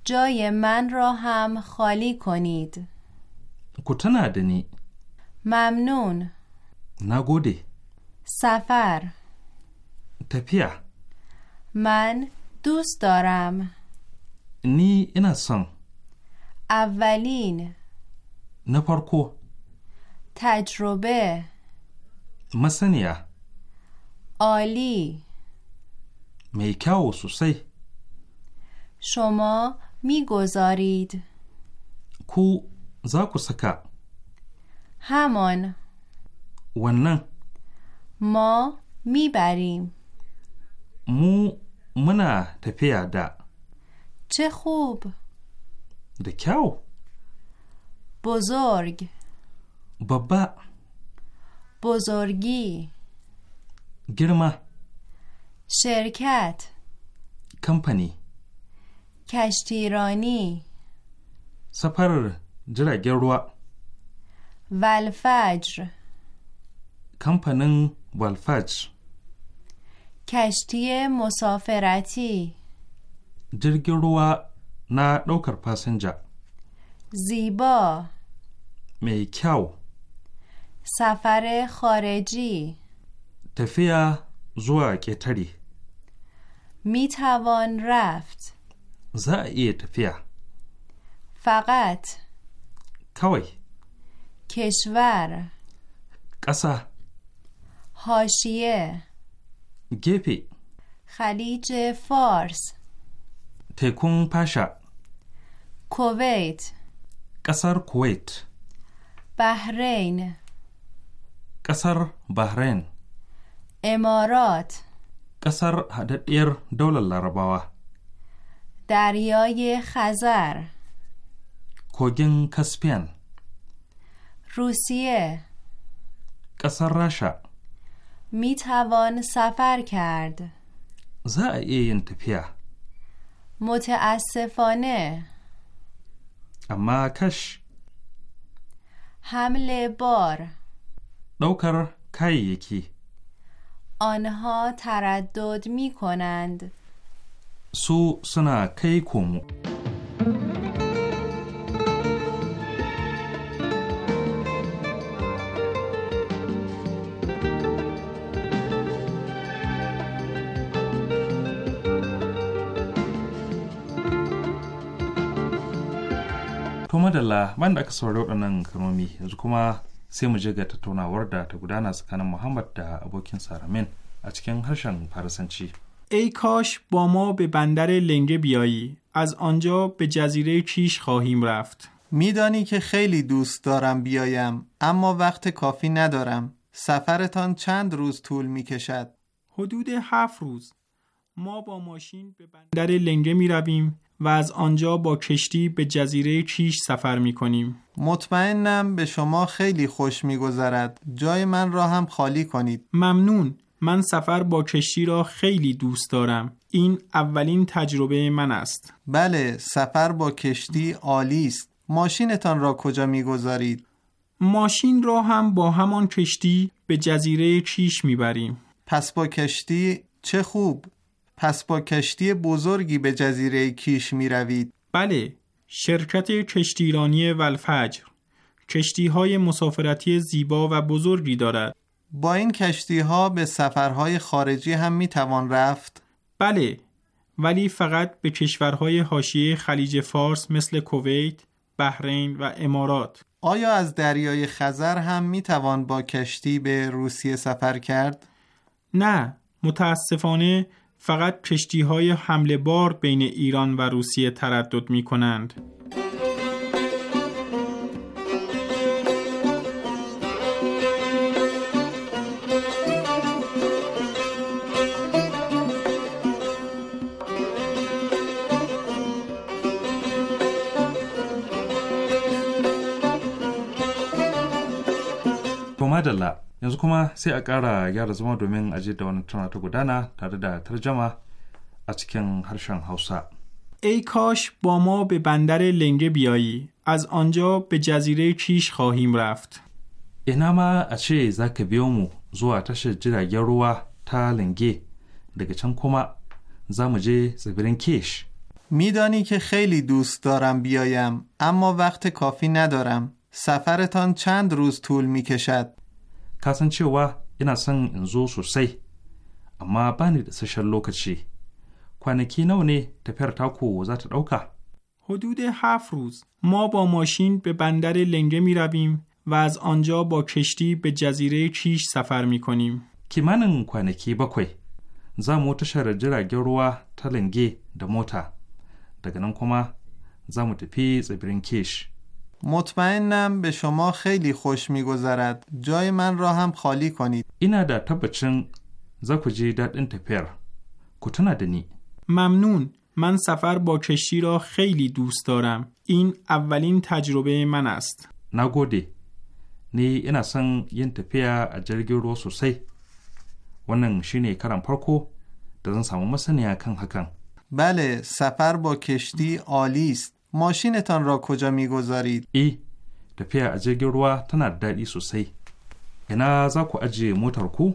جای من را هم خالی کنید کتنا دنی ممنون نگودی. سفر تپیا من دوست دارم نی اینا اولین نپارکو تجربه مسنیا عالی و سوسی شما میگذارید کو زاکو سکا همان ون ما میبریم مو منا تپیا دا چه خوب دکاو بزرگ بابا بزرگی گرما شرکت کمپانی کشتیرانی Safarar jiragen روا والفجر Kamfanin والفجر کشتی مسافرتی jirgin ruwa na ɗaukar fasinja. Zibo. Mai kyau. Safare khoreji. Tafiya zuwa ƙetare. Mitawan raft. za فیا فقط کاوی کشور قصه هاشیه گپی خلیج فارس تکون پاشا کویت قصر کویت بحرین قصر بحرین امارات قصر هددیر دوله لرباوه دریای خزر کوگن کسپین روسیه قصر راشا می توان سفر کرد زا این تپیا متاسفانه اما کش حمل بار دوکر کاییکی آنها تردد می کنند su suna kai komo. tomadala ban banda aka saurari waɗannan kalmomi yanzu kuma sai mu ga tattaunawar da ta gudana tsakanin Muhammad da abokin Saramin a cikin harshen faransanci. ای کاش با ما به بندر لنگه بیایی از آنجا به جزیره کیش خواهیم رفت میدانی که خیلی دوست دارم بیایم اما وقت کافی ندارم سفرتان چند روز طول می کشد حدود هفت روز ما با ماشین به بندر لنگه می رویم و از آنجا با کشتی به جزیره کیش سفر می کنیم مطمئنم به شما خیلی خوش می گذرد. جای من را هم خالی کنید ممنون من سفر با کشتی را خیلی دوست دارم این اولین تجربه من است بله سفر با کشتی عالی است ماشینتان را کجا میگذارید ماشین را هم با همان کشتی به جزیره کیش میبریم پس با کشتی چه خوب پس با کشتی بزرگی به جزیره کیش می روید. بله شرکت کشتیرانی ولفجر کشتی های مسافرتی زیبا و بزرگی دارد با این کشتی ها به سفرهای خارجی هم می توان رفت؟ بله ولی فقط به کشورهای حاشیه خلیج فارس مثل کویت، بحرین و امارات. آیا از دریای خزر هم می توان با کشتی به روسیه سفر کرد؟ نه، متاسفانه فقط کشتی های حمله بار بین ایران و روسیه تردد می کنند. kuma sai a ƙara gyara zama domin aje da wani tana ta gudana tare da tarjama a cikin harshen Hausa. ای کاش با ما به بندر لنگه بیایی از آنجا به جزیره کیش خواهیم رفت اینا ما اچه زک بیومو زو اتش جرگه روا تا لنگه دگه چند کما زمجه زبرین کیش میدانی که خیلی دوست دارم بیایم اما وقت کافی ندارم سفرتان چند روز طول می کشد ka san cewa ina son in zo sosai amma ba ni da sashen lokaci kwanaki nawa ne tafiyar taku za ta ɗauka حدود هفت روز ما با ماشین به بندر لنگه می رویم و از آنجا با کشتی به جزیره کیش سفر می کنیم. kimanin kwanaki bakwai za mu tashar jiragen ruwa ta lange da mota daga nan kuma za mu tafi tsibirin kish مطمئنم به شما خیلی خوش میگذرد جای من را هم خالی کنید این در تبچن زکجی جی داد انتپر کتنا دنی ممنون من سفر با کشتی را خیلی دوست دارم این اولین تجربه من است نگودی نی اینا سن ین تپیا اجرگی رو سوسی wannan shine کرم پرکو. da zan samu masaniya kan hakan. بله. سفر با کشتی عالی است. ماشینتان را کجا میگذارید؟ ای تپیا اجگی روا تنا دادی سوسی اینا زا کو اجی موتر کو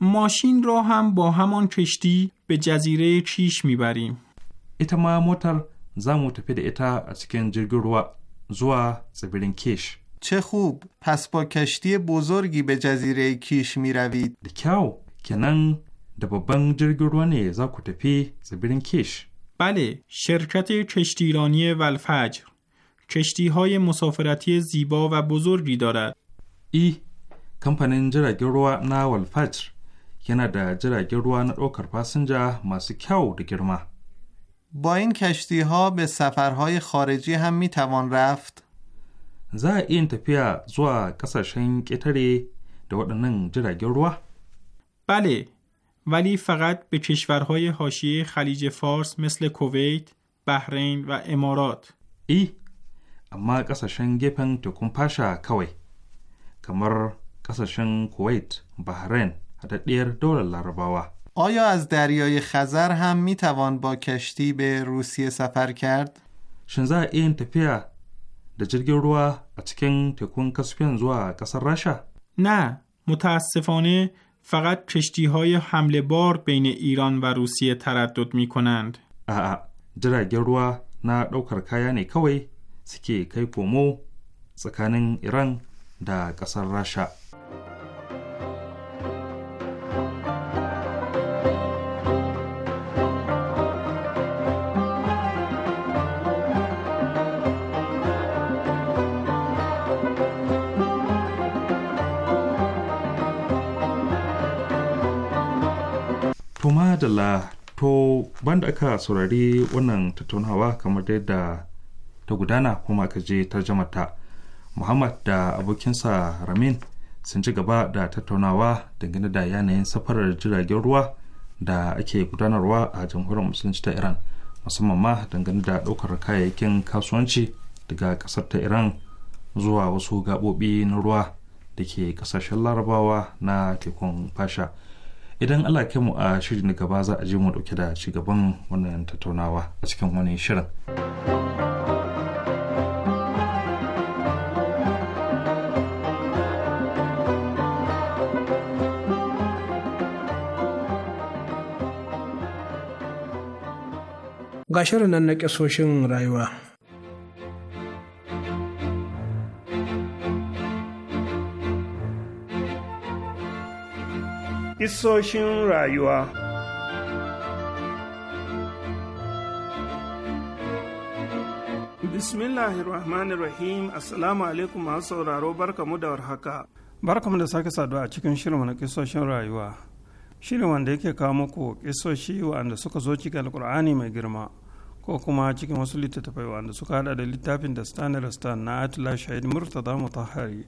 ماشین را هم با همان کشتی به جزیره کیش میبریم ایتا ما موتر زا مو تپی ایتا از کن جرگی روا زوا زبیرین کیش چه خوب پس با کشتی بزرگی به جزیره کیش می روید دکاو کنن da babban jirgin ruwa ne za ku tafi tsibirin kish بله شرکت کشتیرانی ولفجر کشتی های مسافرتی زیبا و بزرگی دارد ای کمپانی جرگی روا نا ولفجر یعنی دا جرگی روا نا رو کرپاسنجا ماسی کیاو دگرما با این کشتیها به سفرهای خارجی هم می رفت زا این تپیا زوا کساشن کتری دا ودنن جرگی روا بله ولی فقط به کشورهای حاشیه خلیج فارس مثل کویت، بحرین و امارات. ای اما قصشن گپن تو کمپاشا کوی کمر قصشن کویت، بحرین، حتی دیر دول لارباوا. آیا از دریای خزر هم می توان با کشتی به روسیه سفر کرد؟ شنزا این تپیا در jirgin روا اتکن تکون کسپین زوا کسر راشا؟ نه متاسفانه فقط کشتی های حمله بار بین ایران و روسیه تردد می کنند. آه جرگی نا دوکر کایانی کوی سکی کای کومو سکانن ایران دا قصر راشا. To la to banda aka saurari wannan tattaunawa kamar yadda ta gudana kuma ka je tarjamata Muhammad da abokinsa Ramin sun ci gaba da tattaunawa dangane da yanayin safarar jiragen ruwa da ake gudanarwa a jamhuriyar musulunci ta Iran musamman ma dangane da ɗaukar kayayyakin kasuwanci daga ƙasar ta Iran zuwa wasu gaɓoɓi na ruwa da ke ƙasashen larabawa na tekun fasha. idan allah mu a shiri na gaba za a je mu dauke da shugaban wannan tattaunawa a cikin wani shirin ga shirin nan na ƙasoshin rayuwa hissoshin rayuwa Bismillahirrahmanirrahim Assalamu alaikum masu sauraro barkamu da warhaka. Barkamu da sake saduwa a cikin shirin na kisoshin rayuwa. Shirin wanda yake kawo muku kisoshi wanda suka zo cikin alkur'ani mai girma ko kuma cikin wasu littattafai wanda suka hada da littafin da stan stan na Atila Shahid Murtaza Mutahari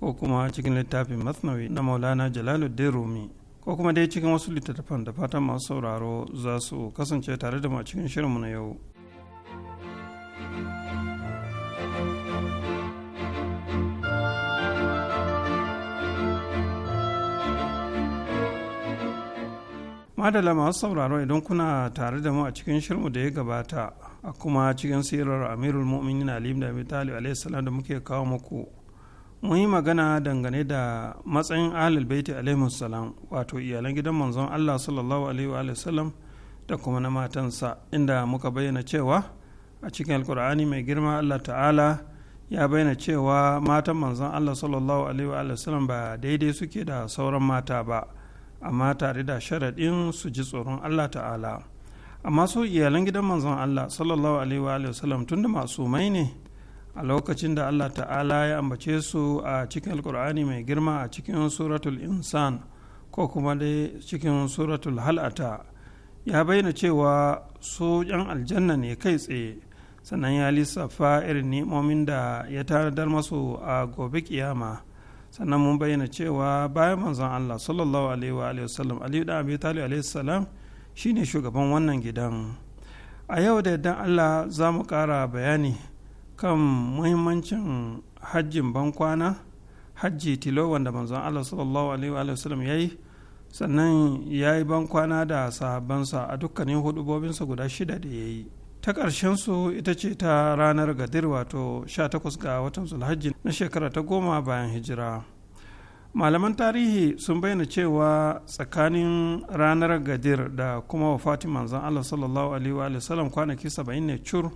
ko kuma cikin littafin Masnawi na Maulana Jalaluddin Rumi ko kuma dai cikin wasu littattafan da fatan masu sauraro za su kasance tare da mu cikin shirinmu na yau. madala masu sauraro idan kuna tare da mu a cikin shirmu da ya gabata a kuma cikin sirar amirul mu'minin ali ibn abi talib da muke kawo muku mun yi magana dangane da matsayin ahlul baiti alaihi salam wato iyalan gidan manzon Allah sallallahu alaihi wa sallam da kuma na matansa inda muka bayyana cewa a cikin alkur'ani mai girma Allah ta'ala ya bayyana cewa matan manzon Allah sallallahu alaihi wa sallam ba daidai suke da sauran mata ba amma tare da sharaɗin su ji tsoron Allah ta'ala amma su iyalan gidan manzon Allah sallallahu alaihi wa sallam tunda masumai ne a lokacin da Allah ta'ala ya ambace su a cikin alkur'ani mai girma a cikin suratul insan ko kuma dai cikin suratul hal'ata ya bayyana cewa su 'yan aljanna ne kai tsaye sannan ya lissafa irin ni'imomin da ya tanadar masu a gobe kiyama sannan mun bayyana cewa bayan manzon Allah sallallahu alaihi wa alihi wasallam Aliyu da Abi Talib alaihi salam shine shugaban wannan gidan a yau da yadda Allah za mu ƙara bayani kan muhimmancin hajjin bankwana hajji tilo wanda manzon allah sallallahu alaihi wa sallam ya yi sannan ya yi bankwana da sahabbansa a dukkanin hudubobinsa guda shida da ya yi ta su ita ce ta ranar gadir wato 18 ga watan zulhajji na shekara ta goma bayan hijira malaman tarihi sun bayyana cewa tsakanin ranar gadir da kuma wa Fatima zan allah sallallahu alaihi wa sallam kwanaki 70 ne cur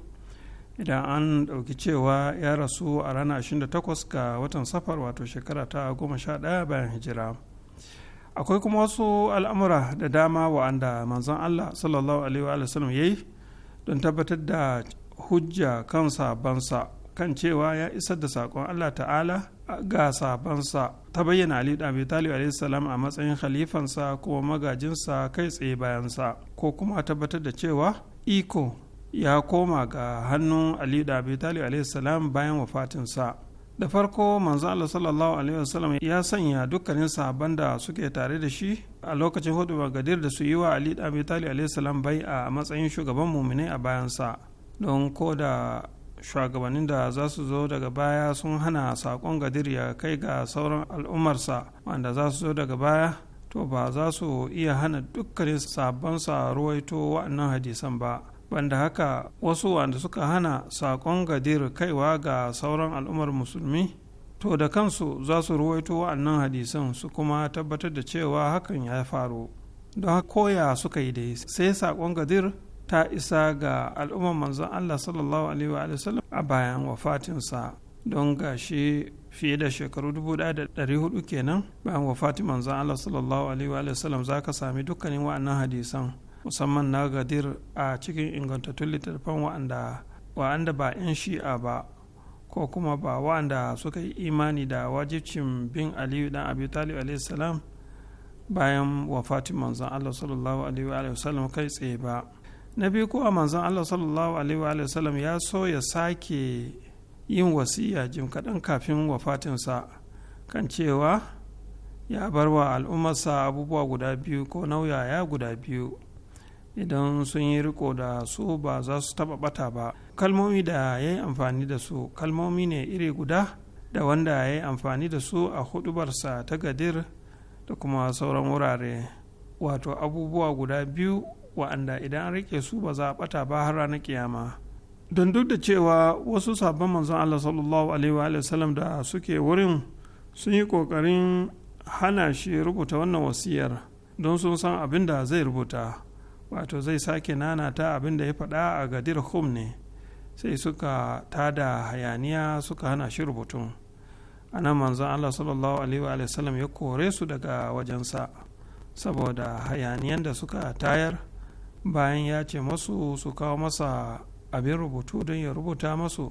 idan an ɗauki cewa ya rasu a ranar 28 ga watan safar wato shekara ta goma sha 11 bayan hijira akwai kuma wasu al'amura da dama wa'anda manzon allah sallallahu alaihi wa sallam ya yi don tabbatar da hujja kan sabansa kan cewa ya isar da saƙon allah ta'ala ga sabansa ta bayyana ali da talib alaihi salam a matsayin khalifansa kuma magajinsa kai tsaye bayansa ko kuma tabbatar da cewa iko ya koma ga hannun ali da abi talib salam bayan wafatinsa da farko manzo Allah sallallahu alaihi wasallam ya sanya dukkanin sahabban da suke tare da shi a lokacin hudu gadir da su yi wa ali da abi talib salam bai a matsayin shugaban muminai a bayansa don ko da shugabannin da za su zo daga baya sun hana sakon gadir ya kai ga sauran al'ummarsa wanda za su zo daga baya to ba za su iya hana dukkanin sa ruwaito wa'annan hadisan ba banda haka wasu wanda suka hana saƙon gadir kaiwa ga sauran al'ummar musulmi to da kansu za su ruwaito wa'annan hadisan su kuma tabbatar da cewa hakan ya faru don koya suka yi dai sai saƙon gadir ta isa ga al'ummar manzon allah sallallahu alaihi wa sallam a bayan wafatinsa don gashi fiye da shekaru 1400 kenan bayan wafatin manzon allah sallallahu alaihi wa sallam za ka sami dukkanin wa'annan hadisan musamman na gadir a cikin ingantattun littattafan wa'anda wa'anda ba 'yan shi'a ba ko kuma ba wa'anda suka yi imani da wajibcin bin aliyu dan abi talib salam bayan wafatin manzon allah sallallahu alaihi wa sallam kai tsaye ba na biyu kuwa manzon allah sallallahu alaihi wa sallam ya so ya sake yin wasiya jim kaɗan kafin wafatinsa kan cewa ya bar wa al'ummarsa abubuwa guda biyu ko nauyaya guda biyu idan sun yi riko da su ba za su taba bata ba kalmomi da ya yi amfani da su kalmomi ne iri guda da wanda ya yi amfani da su a hudubarsa ta gadir da kuma sauran wurare wato abubuwa guda biyu wa'anda idan an rike su ba za a bata ba har ranar kiyama don duk da cewa wasu sabon manzon Allah sallallahu alaihi wa sallam da suke wurin sun yi kokarin hana shi rubuta wannan wasiyar don sun san abin da zai rubuta wato zai sake nana ta abin da ya faɗa a gadir home ne sai suka tada hayaniya suka hana shi rubutun a nan manzon allah sallallahu alaihi wa sallam ya kore su daga wajensa saboda hayaniyan da suka tayar bayan ya ce masu su kawo masa abin rubutu don ya rubuta masu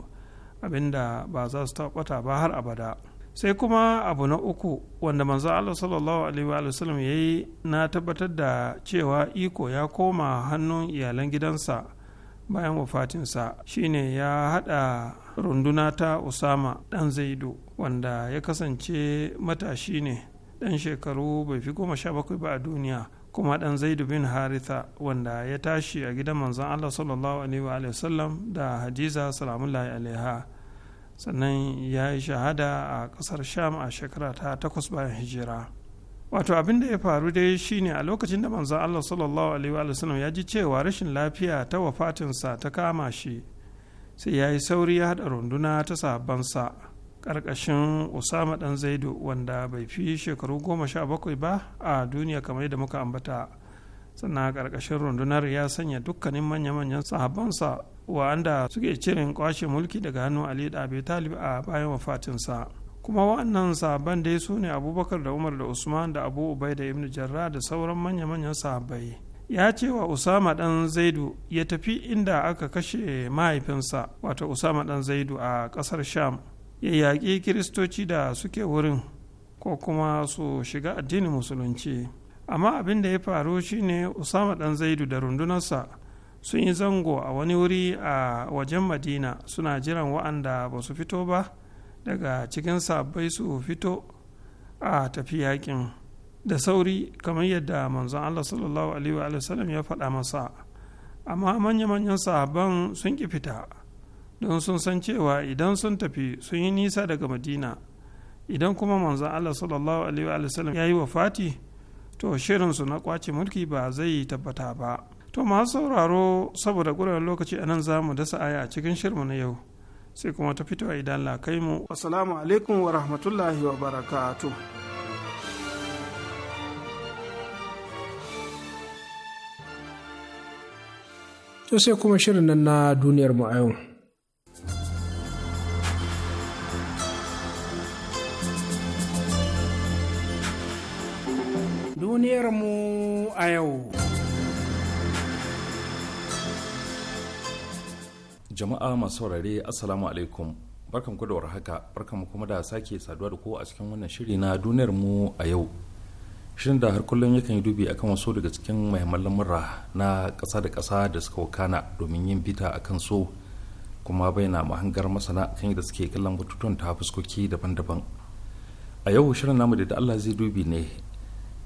abin da ba za su taɓata ba har abada. sai kuma abu na uku wanda manzo Allah sallallahu alaihi wa sallam ya yi na tabbatar da cewa iko ya koma hannun iyalan gidansa bayan wafatinsa shine ya hada runduna ta usama dan zaidu wanda ya kasance matashi ne dan shekaru bai fi goma sha bakwai ba a duniya kuma dan zaidu bin haritha wanda ya tashi a gidan manzon Allah sallallahu alaihi wa sallam da hadiza salamullahi alaiha sannan ya yi shahada a ƙasar sham a shekara ta takwas bayan hijira wato abin da ya faru dai shine a lokacin da manzon allah sallallahu alaihi wa ya ji cewa rashin lafiya ta wafatinsa ta kama shi sai ya yi sauri ya haɗa runduna ta sabansa ƙarƙashin usama ɗan zaidu wanda bai fi shekaru goma sha bakwai ba a duniya kamar yadda muka ambata sannan a ƙarƙashin rundunar ya sanya dukkanin manya-manyan sahabansa wa'anda suke cirin kwashe mulki daga hannun ali da abi talib a bayan wafatinsa kuma wa'annan sahabban dai su ne abubakar da umar da usman da abu ubai da ibn jarra da sauran manya-manyan sahabbai ya ce wa usama dan zaidu ya tafi inda aka kashe mahaifinsa wato usama dan zaidu a ƙasar sham ya yaƙi kiristoci da suke wurin ko kuma su shiga addinin musulunci amma abin da ya faru shine usama dan zaidu da rundunarsa sun yi zango a wani wuri a wajen madina suna jiran wa'anda ba su fito ba daga cikin sabbai su fito a tafi yakin da sauri kamar yadda manzon allah sallallahu alaihi wa sallam ya faɗa masa amma manya-manyan sahabban sun ki fita don sun san cewa idan sun tafi sun yi nisa daga madina idan kuma manzon allah sallallahu alaihi wa sallam ya yi wa fati to shirinsu na kwace mulki ba zai tabbata ba to masu sauraro saboda gurin lokaci a nan za mu dasa aya a cikin shirmu na yau sai kuma ta fito a idan lakai kai mu assalamu alaikum wa rahmatullahi wa barakatuh to sai kuma shirin nan na duniyar mu a yau duniyar mu a yau jama'a masu saurare assalamu alaikum barkan ku da warhaka barkan mu kuma da sake saduwa da ku a cikin wannan shiri na duniyar mu a yau shirin da har kullum yakan yi dubi akan wasu daga cikin muhimman lamura na ƙasa da ƙasa da suka wakana domin yin bita akan su kuma bayyana mahangar masana kan yadda suke kallon bututun ta fuskoki daban-daban a yau shirin namu da Allah zai dubi ne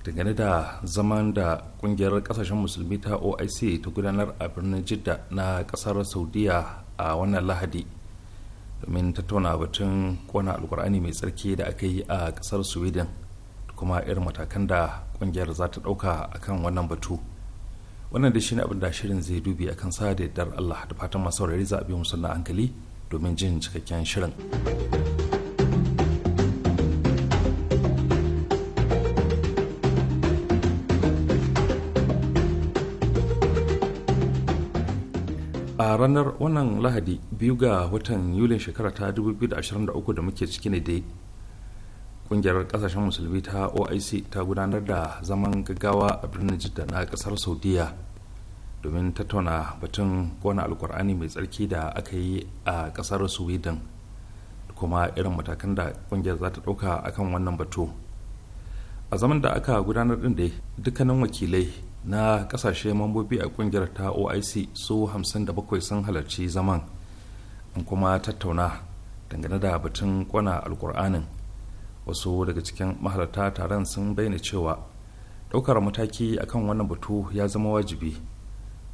dangane da zaman da kungiyar kasashen musulmi ta oic ta gudanar a birnin jidda na kasar saudiya a wannan lahadi domin tattauna batun kona alkur'ani mai tsarki da aka yi a kasar sweden kuma irin matakan da kungiyar za ta dauka akan wannan batu wannan da shine abin da shirin zai dubi akan sa da yardar allah da fatan masu saurari za a biyu musulman hankali domin jin cikakken shirin ranar wannan lahadi biyu ga watan yulin shekara ta 2023 da muke ciki ne dai kungiyar kasashen musulmi ta oic ta gudanar da zaman gaggawa a birnin jidda na kasar saudiya domin tattauna batun kona alkur'ani mai tsarki da aka yi a kasar sweden kuma irin matakan da kungiyar za ta dauka akan wannan batu a zaman da aka gudanar din dai dukkanin wakilai na kasashe mambobi a kungiyar ta oic su hamsin da bakwai sun halarci zaman an kuma tattauna dangane da batun kwana alkur'anin wasu daga cikin mahalarta taron sun bayyana cewa ɗaukar mataki akan wannan batu ya zama wajibi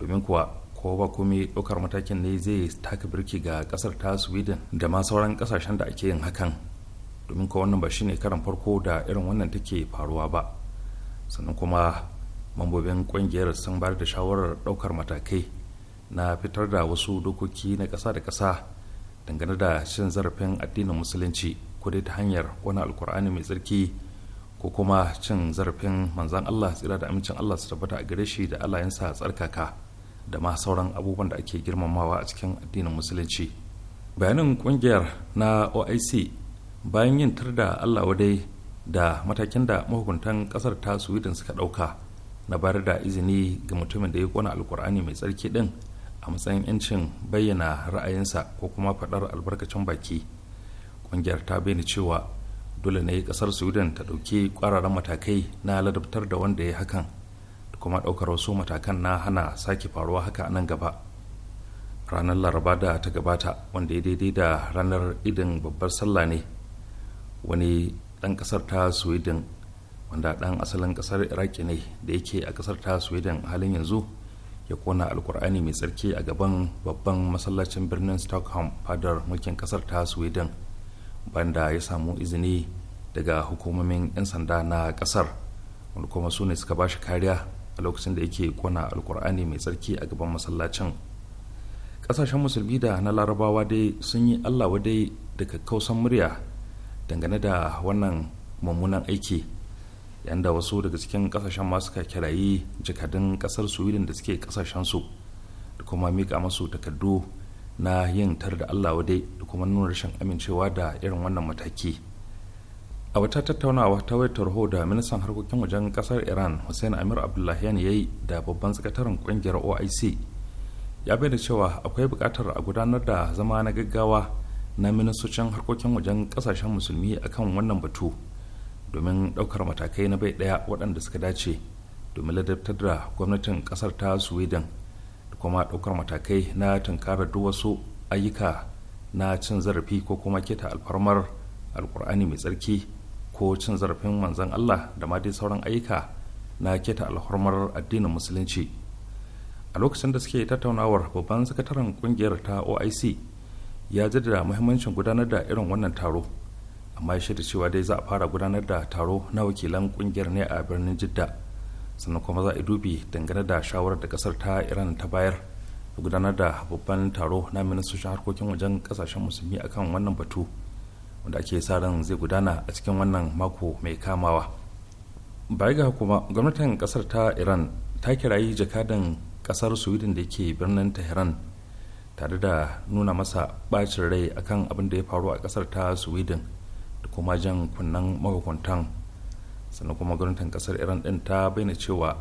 domin kuwa ko ba kome ɗaukar matakin ne zai taka birki ga ƙasar ta sweden da ma sauran ƙasashen da ake yin hakan domin kuwa wannan ba shine karan farko da irin wannan take faruwa ba sannan kuma mambobin kungiyar sun bayar da shawarar daukar matakai na fitar da wasu dokoki na ƙasa da ƙasa dangane da shin zarafin addinin musulunci ko dai ta hanyar wani alkur'ani mai tsarki ko kuma cin zarafin manzan allah tsira da amincin allah su tabbata a gare shi da sa tsarkaka da ma sauran abubuwan da ake girmamawa a cikin addinin musulunci bayanin kungiyar na oic bayan yin tar da allah wadai da matakin da mahukuntan kasar ta sweden suka dauka na bayar da izini ga mutumin da ya kona alkur'ani mai tsarki din a matsayin 'yancin bayyana ra'ayinsa ko kuma faɗar albarkacin baki ƙungiyar ta bayyana cewa dole ne ƙasar sweden ta ɗauki ƙwararren matakai na ladabtar da wanda ya hakan da kuma ɗaukar wasu matakan na hana sake faruwa haka a nan gaba ranar laraba da ta gabata wanda ya daidai da ranar idin babbar sallah ne wani ɗan ƙasar ta sweden wanda ɗan asalin ƙasar iraki ne da yake a ƙasar ta sweden halin yanzu ya kona alkur'ani mai tsarki a gaban babban masallacin birnin stockholm fadar mulkin ƙasar ta sweden banda ya samu izini daga hukumomin 'yan sanda na ƙasar wanda kuma su ne suka bashi kariya a lokacin da yake kona alkur'ani mai tsarki a gaban masallacin ƙasashen musulmi da na larabawa dai sun yi allah wadai da kakkausan murya dangane da wannan mummunan aiki yanda wasu daga cikin kasashen masu ka kirayi jakadun kasar sweden da suke kasashen su da kuma mika masu takardu na yin tar da allah wadai da kuma nuna rashin amincewa da irin wannan mataki a wata tattaunawa ta wayar tarho da ministan harkokin wajen kasar iran hussein amir abdullahian ya yi da babban sakataren kungiyar oic ya bayyana cewa akwai buƙatar a gudanar da zama na gaggawa na ministocin harkokin wajen kasashen musulmi akan wannan batu domin ɗaukar matakai na bai ɗaya waɗanda suka dace domin ladabtar da gwamnatin ƙasar ta sweden da kuma ɗaukar matakai na tunkarar duk wasu ayyuka na cin zarafi ko kuma keta alfarmar alkur'ani mai tsarki ko cin zarafin manzon allah da ma dai sauran ayyuka na keta alfarmar addinin musulunci a lokacin da suke tattaunawar babban sakataren kungiyar ta oic ya jaddada muhimmancin gudanar da irin wannan taro amma ya shirya cewa dai za a fara gudanar da taro na wakilan kungiyar ne a birnin jidda sannan kuma za a dubi dangane da shawarar da kasar ta iran ta bayar da gudanar da babban taro na ministocin harkokin wajen kasashen musulmi akan wannan batu wanda ake sa ran zai gudana a cikin wannan mako mai kamawa baya ga kuma gwamnatin kasar ta iran ta kirayi jakadan kasar sweden da ke birnin tehran tare da nuna masa bacin rai akan abin da ya faru a kasar ta sweden da kuma jan kunnen mahukuntan sannan kuma gwamnatin kasar iran din ta bayyana cewa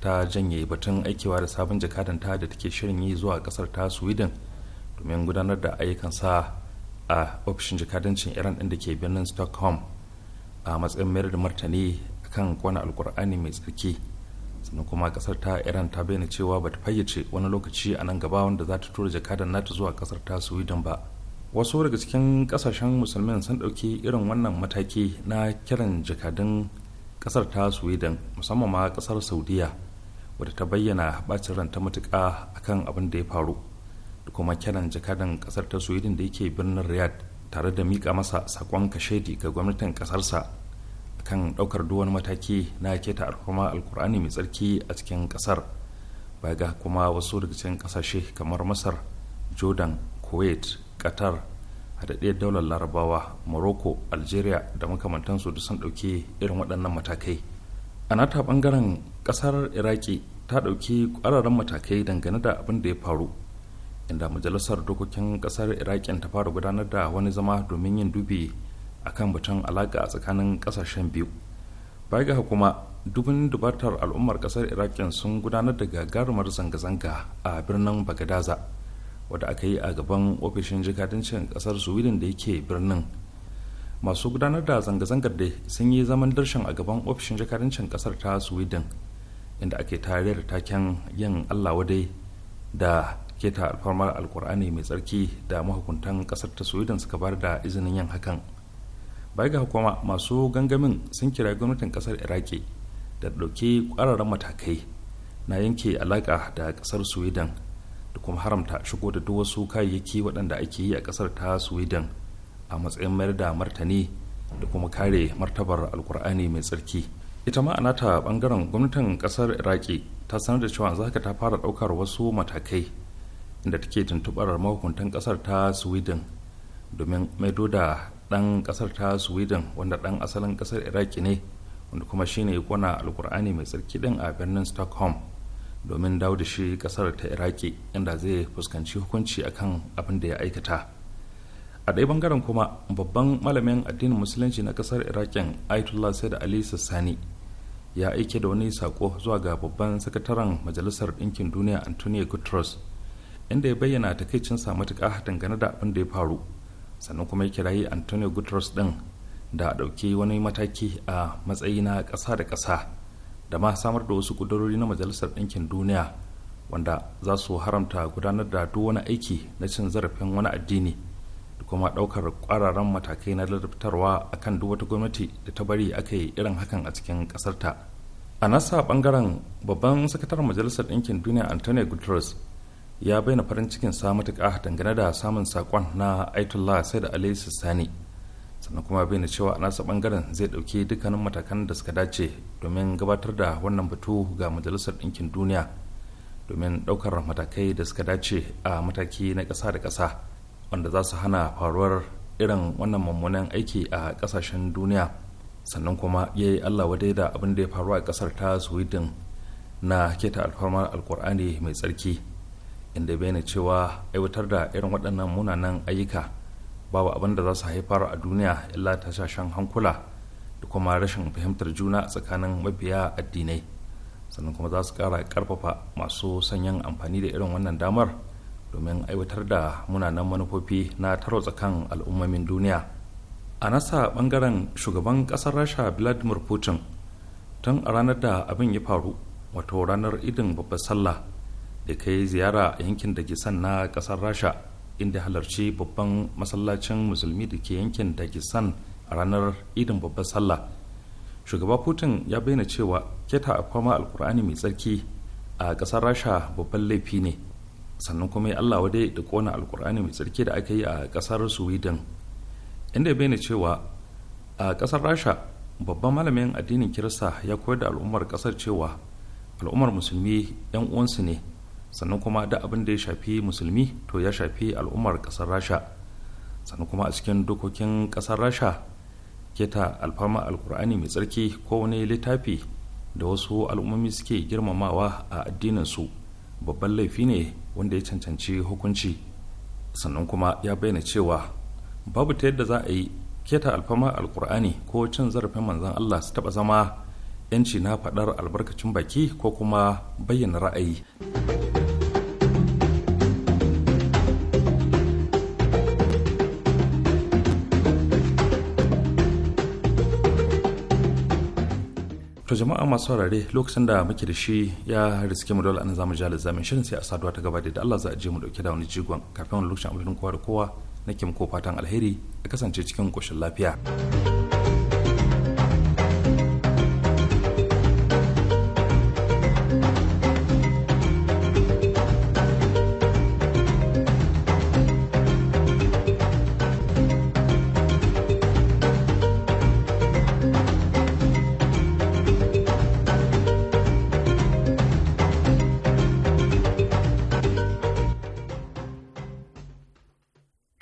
ta janye batun aikewa da sabon jakadanta da take shirin yi zuwa kasar ta sweden domin gudanar da ayyukan sa a ofishin jakadancin iran din da ke birnin stockholm a matsayin mayar da martani kan kwana alkur'ani mai tsarki sannan kuma kasar ta iran ta bayyana cewa bata fayyace wani lokaci a nan gaba wanda za ta tura jakadan nata zuwa kasar ta sweden ba wasu daga cikin kasashen musulmin sun ɗauki irin wannan mataki na kiran jakadun kasar ta sweden musamman ma kasar saudiya wadda ta bayyana bacin ta matuƙa akan abin da ya faru da kuma kiran jakadan kasar ta sweden da yake birnin riyadh tare da mika masa sakon kashedi ga gwamnatin kasarsa akan ɗaukar duwan mataki na keta alfama alkur'ani mai tsarki a cikin kasar baya ga kuma wasu daga cikin kasashe kamar masar jordan kuwait qatar haɗaɗɗiyar daular larabawa morocco algeria da makamantansu da sun ɗauki irin waɗannan matakai a nata ɓangaren ƙasar iraki ta ɗauki ƙwararren matakai dangane da abin da ya faru inda majalisar dokokin ƙasar iraki ta fara gudanar da wani zama domin yin dubi a kan batun alaƙa tsakanin ƙasashen biyu baya ga kuma dubin dubatar al'ummar ƙasar iraki sun gudanar da gagarumar zanga-zanga a birnin bagadaza wadda aka yi a gaban ofishin jikadancin kasar sweden da yake birnin masu gudanar da zanga-zangar da sun yi zaman darshan a gaban ofishin jikadancin kasar ta sweden inda ake tare da taken yin allah wadai da keta alfarmar alkur'ani mai tsarki da mahukuntan kasar ta sweden suka bar da izinin yin hakan bai ga hukuma masu gangamin sun kira gwamnatin kasar iraki da ɗauki ƙwararren matakai na yanke alaƙa da kasar sweden da kuma haramta shigo da duk wasu kayayyaki waɗanda ake yi a ƙasar ta sweden a matsayin mayar da martani da kuma kare martabar alkur'ani mai tsarki ita ma ta bangaren gwamnatin ƙasar iraki ta sanar da cewa zaka ta fara ɗaukar wasu matakai inda take tuntuɓar mahukuntan ƙasar ta sweden domin maido da ɗan ƙasar ta sweden wanda ɗan asalin ƙasar iraki ne wanda kuma shine kona alkur'ani mai tsarki ɗin a birnin stockholm domin dawo da shi kasar ta iraki inda zai fuskanci hukunci akan abin da ya aikata a ɗaya bangaren kuma babban malamin addinin musulunci na kasar irakin ayatollah said ali sani ya aike da wani sako zuwa ga babban sakataren majalisar ɗinkin duniya antonio guterres inda ya bayyana takaicin sa matuƙa dangane da abin da ya faru sannan kuma ya kirayi antonio guterres din da a ɗauki wani mataki a matsayi na ƙasa da ƙasa da ma samar da wasu ƙudurori na majalisar ɗinkin duniya wanda za su haramta gudanar da duk wani aiki na cin zarafin wani addini da kuma ɗaukar ƙwararren matakai na ladabtarwa kan duk wata gwamnati da ta bari aka yi irin hakan a cikin ƙasarta a nasa ɓangaren babban sakataren majalisar ɗinkin duniya antonio guterres ya bayyana farin cikin sa matuƙa dangane da samun saƙon na aitullah da alayhi sani sannan kuma bai na cewa a nasa bangaren zai dauki dukkanin matakan da suka dace domin gabatar da wannan batu ga majalisar ɗinkin duniya domin ɗaukar matakai da suka dace a mataki na ƙasa da ƙasa wanda za su hana faruwar irin wannan mummunan aiki a ƙasashen duniya sannan kuma ya yi allah wadai da abin da ya faru a ƙasar ta sweden na keta alfarmar alkur'ani mai tsarki inda na cewa aiwatar da irin waɗannan munanan ayyuka babu abin da za su haifar a duniya illa tashashen hankula da kuma rashin fahimtar juna tsakanin mabiya addinai sannan kuma za su kara karfafa masu sanyin amfani da irin wannan damar domin aiwatar da munanan manufofi na taro kan al'ummomin duniya a nasa bangaren shugaban kasar rasha vladimir putin tun a ranar da abin ya faru wato ranar idin babbar sallah da kai ziyara a yankin dagestan na kasar rasha inda halarci babban masallacin musulmi da ke yankin dagestan a ranar idin babbar sallah shugaba putin ya bayyana cewa keta a kwama alkur'ani mai tsarki a ƙasar rasha babban laifi ne sannan kuma ya allah wadai da kona alkur'ani mai tsarki da aka yi a ƙasar sweden inda ya bayyana cewa a ƙasar rasha babban malamin addinin kirista ya koyar da al'ummar ƙasar cewa al'ummar musulmi 'yan uwansu ne sannan kuma da abin da ya shafi musulmi to ya shafi al'ummar kasar rasha sannan kuma a cikin dokokin kasar rasha keta alfama alkur'ani mai tsarki ko wani littafi da wasu al'ummomi suke girmamawa a addininsu babban laifi ne wanda ya cancanci hukunci sannan kuma ya bayyana cewa babu ta yadda za a yi keta alfama alkur'ani ko cin zarafin manzon allah su taɓa zama yanci na faɗar albarkacin baki ko kuma bayyana ra'ayi. jama'a masu saurare lokacin da muke da shi ya riske mu dole an zamu ji alizamin shirin sai a saduwa ta gaba da Allah za a je mu dauke da wani jigon kafin wani lokacin abudin kowa da kowa nake ko fatan alheri a kasance cikin koshin lafiya.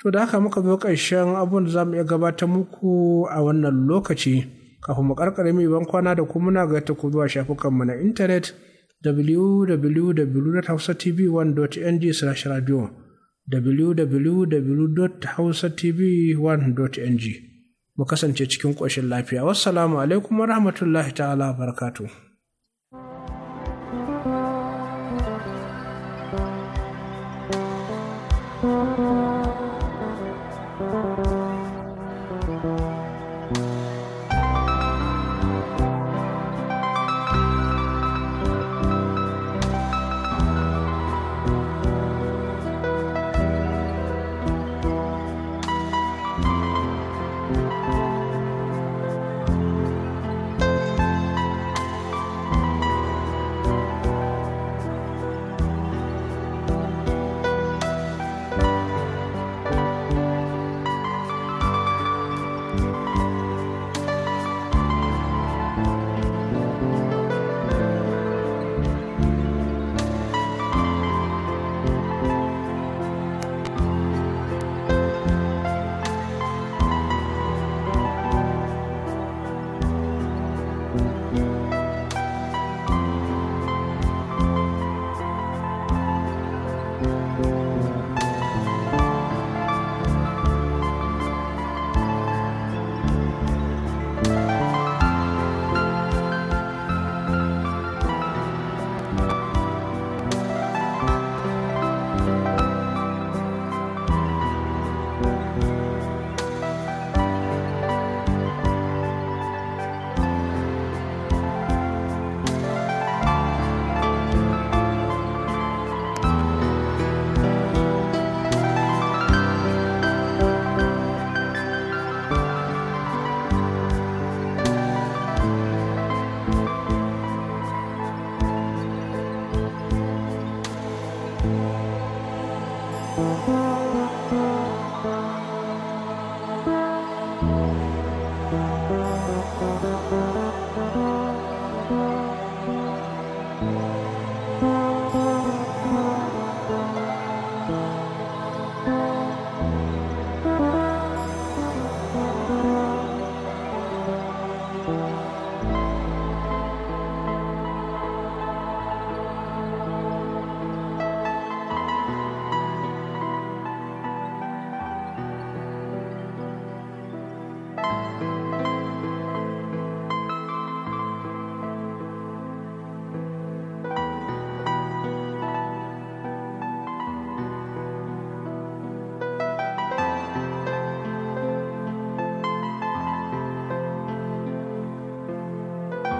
To da haka muka zo ƙarshen abun da za mu iya gabatar muku a wannan lokaci. Kafin mu ƙarƙare mu ban kwana da kuma muna ga ku zuwa shafukanmu na intanet www.hausatv1.ng/radio www.hausatv1.ng mu kasance cikin ƙoshin lafiya. Wassalamu alaikum wa rahmatullahi ta'ala barakatuh.